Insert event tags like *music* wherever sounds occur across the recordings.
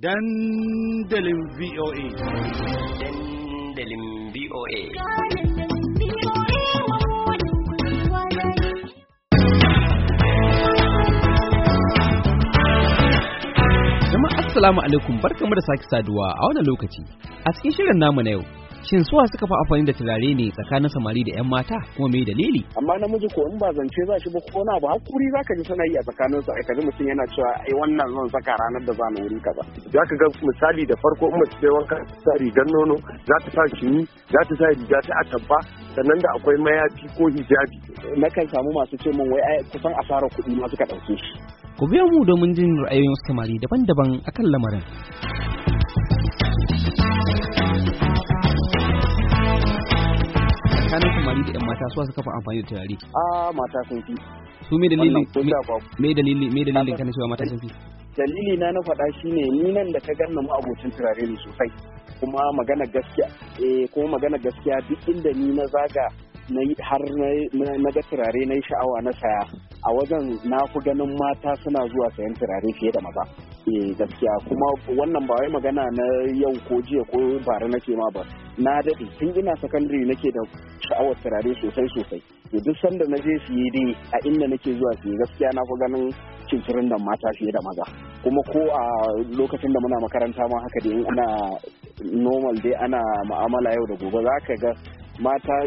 dandalin VOA. Dandalin VOA. Jama'a Assalamu alaikum barkamu da sake saduwa a wannan lokaci. A cikin shirin namu na yau shin suwa suka fi amfani da turare ne tsakanin samari da 'yan mata kuma mai dalili amma namiji ko in ba zance za shi ba ko na ba hakuri za ka ji suna yi a tsakanin su kaji mutum yana cewa ai wannan zan saka ranar da za mu wuri kaza za ka ga misali da farko in mace sai wanka ta rigar nono za ta sa shi za ta sa riga ta atabba sannan da akwai mayafi ko hijabi Na kan samu masu ce min wai kusan asara kuɗi ma suka ɗauke shi ku biya mu domin jin ra'ayoyin samari daban-daban akan lamarin tsakanin samari da 'yan mata su suka fi amfani da turare a mata sun fi su me dalilin? me dalilin me dalilin kana cewa mata sun fi dalili na na faɗa ne ni nan da ka ganna mu abocin turare ne sosai kuma magana gaskiya eh kuma magana gaskiya duk inda ni na zaga na har na ga turare na sha'awa na saya a wajen na fi ganin mata suna zuwa sayan turare fiye da maza eh gaskiya kuma wannan ba wai magana na yau ko jiya ko bara nake ma ba na daɗe tun ina sakandare nake da sha'awar turare sosai sosai to duk sanda na je su yi dai a inda nake zuwa yi gaskiya na fi ganin cincirin da mata fiye da maza kuma ko a lokacin da muna makaranta ma haka dai ana normal dai ana ma'amala yau da gobe za ka ga mata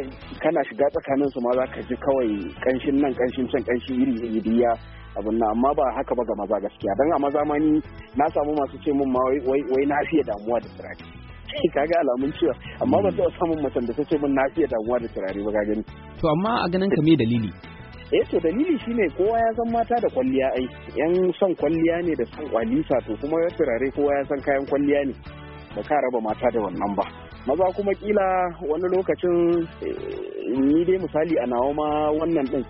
kana shiga tsakanin su ma za ka ji kawai kanshin nan kanshin can kanshi iri iri diya abin nan amma ba haka ba ga maza gaskiya dan a maza ma ni na samu masu ce mun ma wai na fiye damuwa da turare *laughs* kaga alamun cewa amma ba taɓa samun macen da ta ce mun na fiye damuwa da turare ba ga gani to amma a ganin ka me dalili eh to dalili shine kowa ya san mata da kwalliya ai yan son kwalliya ne da son kwalisa to kuma turare kowa ya san kayan kwalliya ne ba ka raba mata da wannan ba maza kuma kila wani lokacin eh, ni dai misali a nawa ma wannan din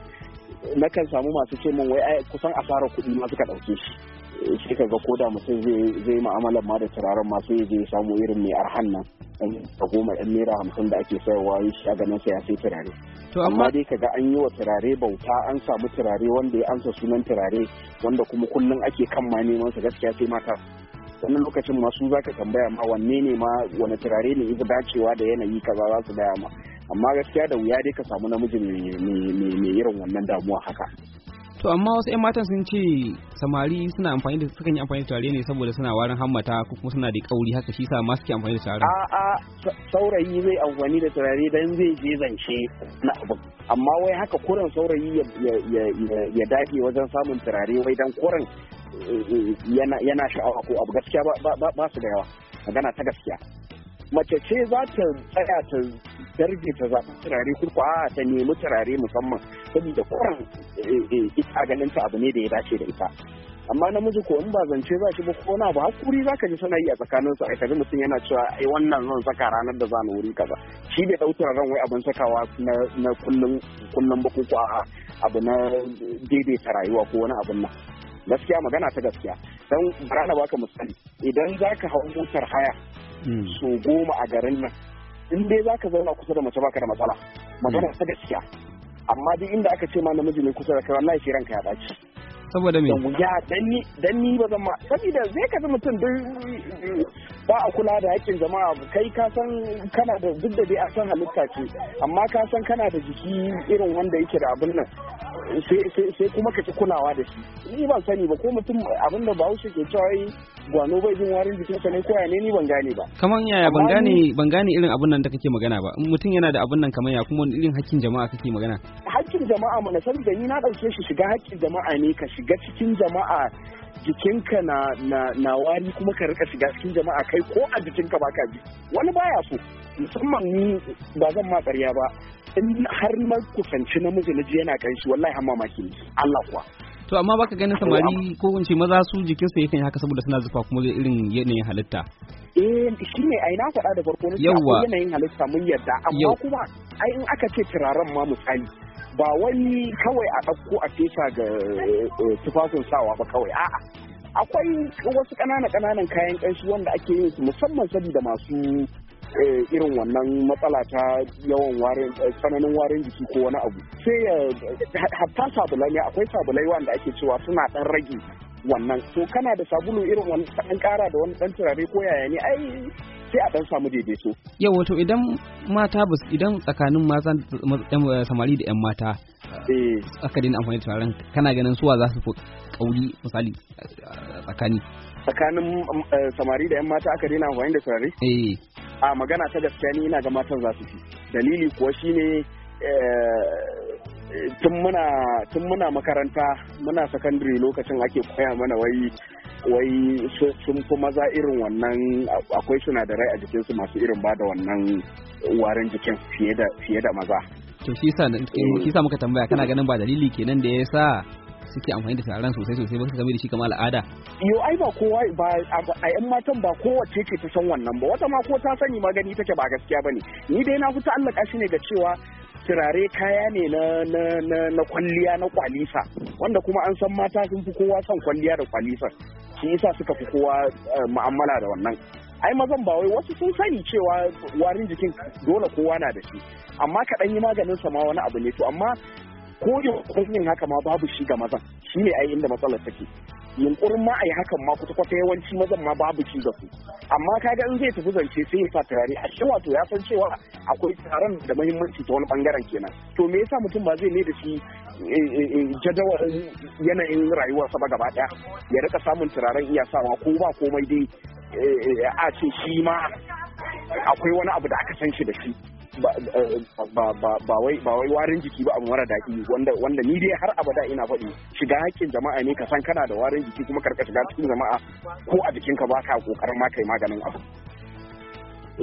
nakan samu masu ce min wai kusan asarar kuɗi ma suka ɗauke shi eh, shi ka ga koda mutum zai ma'amalar ma da turaren masu yi zai samu irin mai arhan nan a goma ɗan naira hamsin da ake sayarwa yi shi a ganin sa ya sai turare amma dai ka ga an yi wa turare bauta an samu turare wanda ya ansa sunan turare wanda kuma kullum ake kan ma neman sa gaskiya sai mata wani lokacin masu za zaka tambaya ma wanne ne ma wani turare ne ya dacewa da yanayi kaza za su gaya ma amma gaskiya da wuya dai ka samu namiji mai irin wannan damuwa haka to amma wasu 'yan matan sun ce samari suna amfani da sukan yi amfani da turare ne saboda suna warin hammata ko kuma suna da kauri haka shi sa ma suke amfani da turare a'a saurayi zai amfani da turare dan zai je zance na abu amma wai haka kuran saurayi ya dage wajen samun turare wai dan kuran yana sha'awa ko abu gaskiya ba su da yawa magana ta gaskiya mace ce za ta tsaya ta darje ta zaɓi turare ko a ta nemi turare musamman saboda kuran eh, eh, ita ganin ta abu ne da ya dace da ita amma namiji ko in ba zance za shi ba ko na ba hakuri za ka ji suna yi a tsakanin su ai mutum yana cewa ai wannan zan saka ranar da zan wuri kaza shi bai dau turaren wai abin sakawa na kullum bukukuwa a abu na daidaita rayuwa ko wani abin nan gaskiya magana ta gaskiya don rana baka misali idan za ka hau motar haya hmm. so goma a garin nan in dai za ka zauna kusa da mace baka da matsala magana hmm. ta gaskiya amma duk inda aka ce ma namiji ne kusa da kai wallahi shi ranka ya dace saboda me ya dan ni dan ni ba zama saboda zai ka mutum duk ba a kula da haƙƙin jama'a kai ka san kana da duk da dai a san halitta ce amma ka san kana da jiki irin wanda yake da abin nan sai kuma ka ci kulawa da shi ni ban sani ba ko mutum abinda bahaushe ke cewa yi gwano bai jin warin sa ne ko ne ni ban gane ba kaman yaya ban gane ban gane irin abun nan da kake magana ba in mutum yana da abun nan kamar ya kuma irin hakkin jama'a kake magana hakkin jama'a mana san da ni na dauke shi shiga hakkin jama'a ne ka shiga cikin jama'a jikinka na na na wari kuma ka rika shiga cikin jama'a kai ko a jikinka ka ji wani baya so musamman ni ba zan ma ƙarya ba in har na kusanci namiji na ji yana kan shi wallahi amma maki Allah kuwa to amma baka ganin samari ko in ce maza su su yakan haka saboda suna zufa kuma zai irin yanayin halitta eh shi ne ai na faɗa da farko ne yanayin halitta mun yarda amma kuma ai in aka ce turaren ma misali ba wani kawai a ɗauko a fesa ga eh, eh, tufafin sawa ba kawai a'a akwai wasu ƙananan ƙananan kayan ƙanshi wanda ake yin su musamman saboda masu Eh, irin wannan matsala ta yawan warin eh, tsananin warin jiki ko wani abu sai ya hatta sabulai ne akwai sabulai wanda ake cewa suna dan rage wannan to kana da sabulu irin wani dan kara da wani dan turare ko yaya ne ai sai a dan samu daidaito yau wato idan mata bus idan tsakanin mata eh, samari da yan mata aka dina amfani da turaren kana ganin suwa za su fi kauri misali tsakani tsakanin samari da yan mata aka dina amfani da turare eh a magana ta gaskiya ni ina ga matan za su fi dalili kuwa shine eh, tun muna tun muna makaranta muna sakandare lokacin ake koya mana wai sun fi maza irin wannan akwai sinadarai a jikinsu masu irin bada da wannan warin jikin fiye da maza to shi sa eh, muka tambaya kana ganin ba dalili kenan da ya sa suke amfani da taron sosai sosai ba su game da shi kamar al'ada yo ai ba kowa ba a yan matan ba kowace ce ta san wannan ba wata ma ko ta sani magani take ba gaskiya ba ne ni dai na fita allaka shi ne da cewa turare kaya ne na kwalliya na kwalisa wanda kuma an san mata sun fi kowa san kwalliya da kwalisa shi yasa suka fi kowa eh, mu'amala da wannan ai mazan ba wai wasu sun sani cewa warin jikin dole kowa na da shi amma kaɗan yi maganin sa ma wani abu ne to amma ko yunkurin yin haka ma babu shi ga mazan shi ne ai inda matsalar take yunkurin ma a yi hakan ma kuta kwata yawanci mazan ma babu shi ga su amma kaga in zai tafi zance sai ya sa turare a shi wato ya san cewa akwai taron da mahimmanci ta wani bangaren kenan to me yasa mutum ba zai ne da shi eh, eh, eh, jadawalin yanayin rayuwarsa ba gaba daya ya rika samun turaren iya sawa ko ba komai dai a ce shi ma akwai wani abu da aka san shi da shi Eh, ba wai warin jiki ba abu mara daɗi wanda ni dai har abada ina faɗi shiga hakkin jama'a ne ka san kana da warin jiki kuma karka shiga cikin jama'a ko a ka ba ka kokarin ma kai maganin abu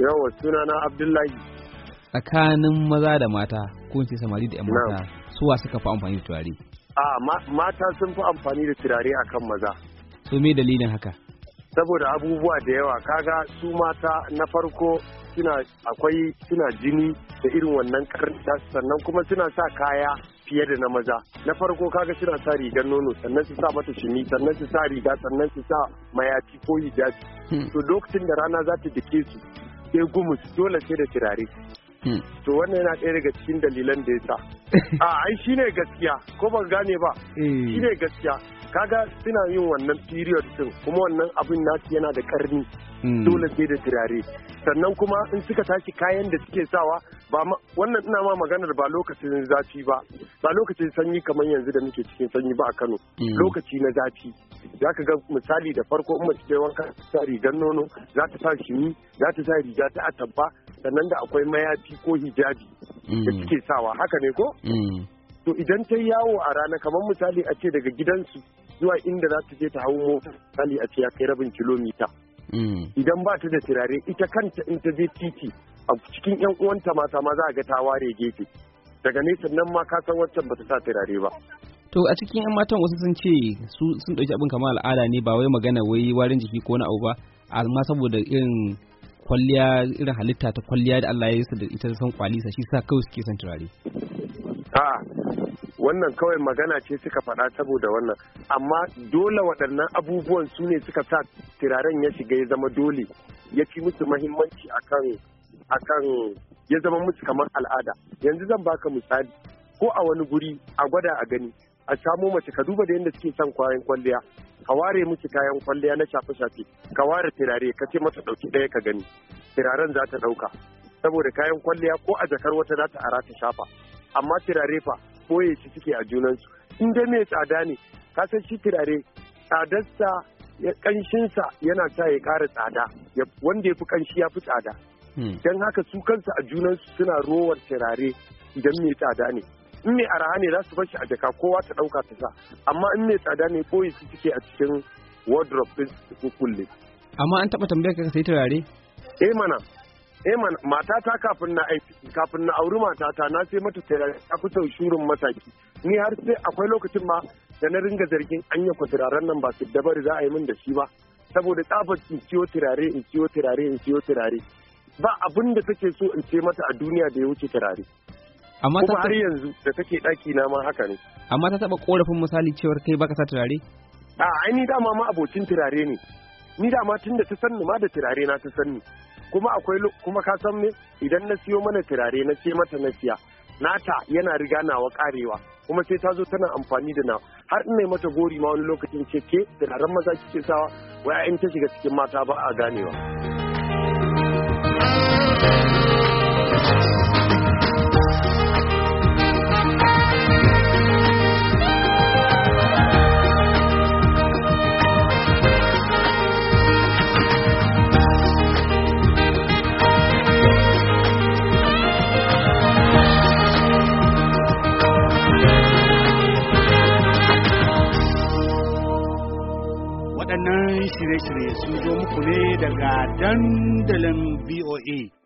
yawa sunana abdullahi tsakanin maza da mata ko ce samari da 'yan mata suwa suka fi amfani da turare a mata sun fi amfani da turare akan maza Su me dalilin haka saboda abubuwa da yawa kaga su mata na farko suna akwai suna jini da irin wannan karanta sannan kuma suna sa kaya fiye da na maza na farko kaga suna sa rigar nono sannan su sa mata shimi sannan su sa riga sannan su sa mayafi ko hijabi hmm. to lokacin da rana za ta dake su sai gumus dole sai da turare hmm. to wannan yana ɗaya daga cikin dalilan da ya sa *laughs* a ai shine gaskiya ko ban gane ba eh. shine gaskiya kaga suna yin wannan period din kuma wannan abin nasu yana da karni Mm. dole sai da turare sannan kuma in suka tashi kayan da suke sawa ba wannan ina ma maganar ba lokacin zafi ba ba lokacin sanyi kamar yanzu da muke cikin sanyi ba a Kano mm. lokaci na zafi za ka ga misali da farko in mace wanka ta rigar nono za ta sa shimi za ta sa riga ta atabba sannan da akwai mayafi ko hijabi da mm. suke sawa haka ne ko to idan ta yawo a rana kamar misali a ce daga gidansu zuwa inda za ta je ta hau mota misali a ce ya kai rabin kilomita Mm. idan ba ta da turare ita kanta in ta je titi a cikin yan uwanta mata ma za a ga ta ware gefe daga nesa nan ma ka san wancan ba ta sa turare ba to a cikin yan matan wasu sun ce su sun ɗauki abin kamar al'ada ne ba wai magana wai warin jiki ko na abu ba amma saboda irin kwalliya irin halitta ta kwalliya da Allah ya yi su da ita san kwalisa shi sa kawai suke son turare a wannan kawai magana ce suka faɗa saboda wannan amma dole waɗannan abubuwan su ne suka sa turaren ya shiga ya zama dole ya fi musu mahimmanci akan akan ya zama musu kamar al'ada yanzu zan baka misali ko a wani guri a gwada a gani a samo mace ka duba da yadda suke son kwayan kwalliya ka ware musu kayan kwalliya na shafe-shafe ka ware turare ka ce mata ɗauki ɗaya ka gani turaren za ta ɗauka saboda kayan kwalliya ko a jakar wata za ta ara ta shafa amma turare fa ɓoye shi suke a junansu in dai mai tsada ne ka san shi turare tsadarsa kanshinsa yana sa ya kara tsada wanda ya fi kanshi ya fi tsada hmm. don haka su kansu a junansu suna rowar turare idan mai tsada ne in mai araha ne za su bar shi a jaka kowa ta ɗauka ta sa amma in mai tsada ne ɓoye su suke a cikin wardrobe ɗin su kullum amma an taɓa tambayar ka sai turare? eh mana eh matata kafin na aiki kafin na auri matata na sai mata ta kusa shurin mataki ni har sai akwai lokacin ma da na ringa zargin an yi nan ba su dabar za a yi min da shi ba saboda tsabar in ciyo turare in ciyo turare in ciyo turare ba abin da take so in ce mata a duniya da ya wuce turare amma ta har yanzu da take daki na ma haka ne amma ta taba korafin misali cewar kai baka sa turare a ai ni dama ma abocin turare ne ni dama tun da ta sanni ma da turare na ta sanni kuma akwai kuma ka san me idan na siyo mana turare na ce mata na siya nata yana riga nawa karewa kuma sai ta zo tana amfani da na har mai mata gori ma wani lokacin ce ke turaren maza kike sawa wai in ta shiga cikin mata ba a ganewa. daga dandalin VOA.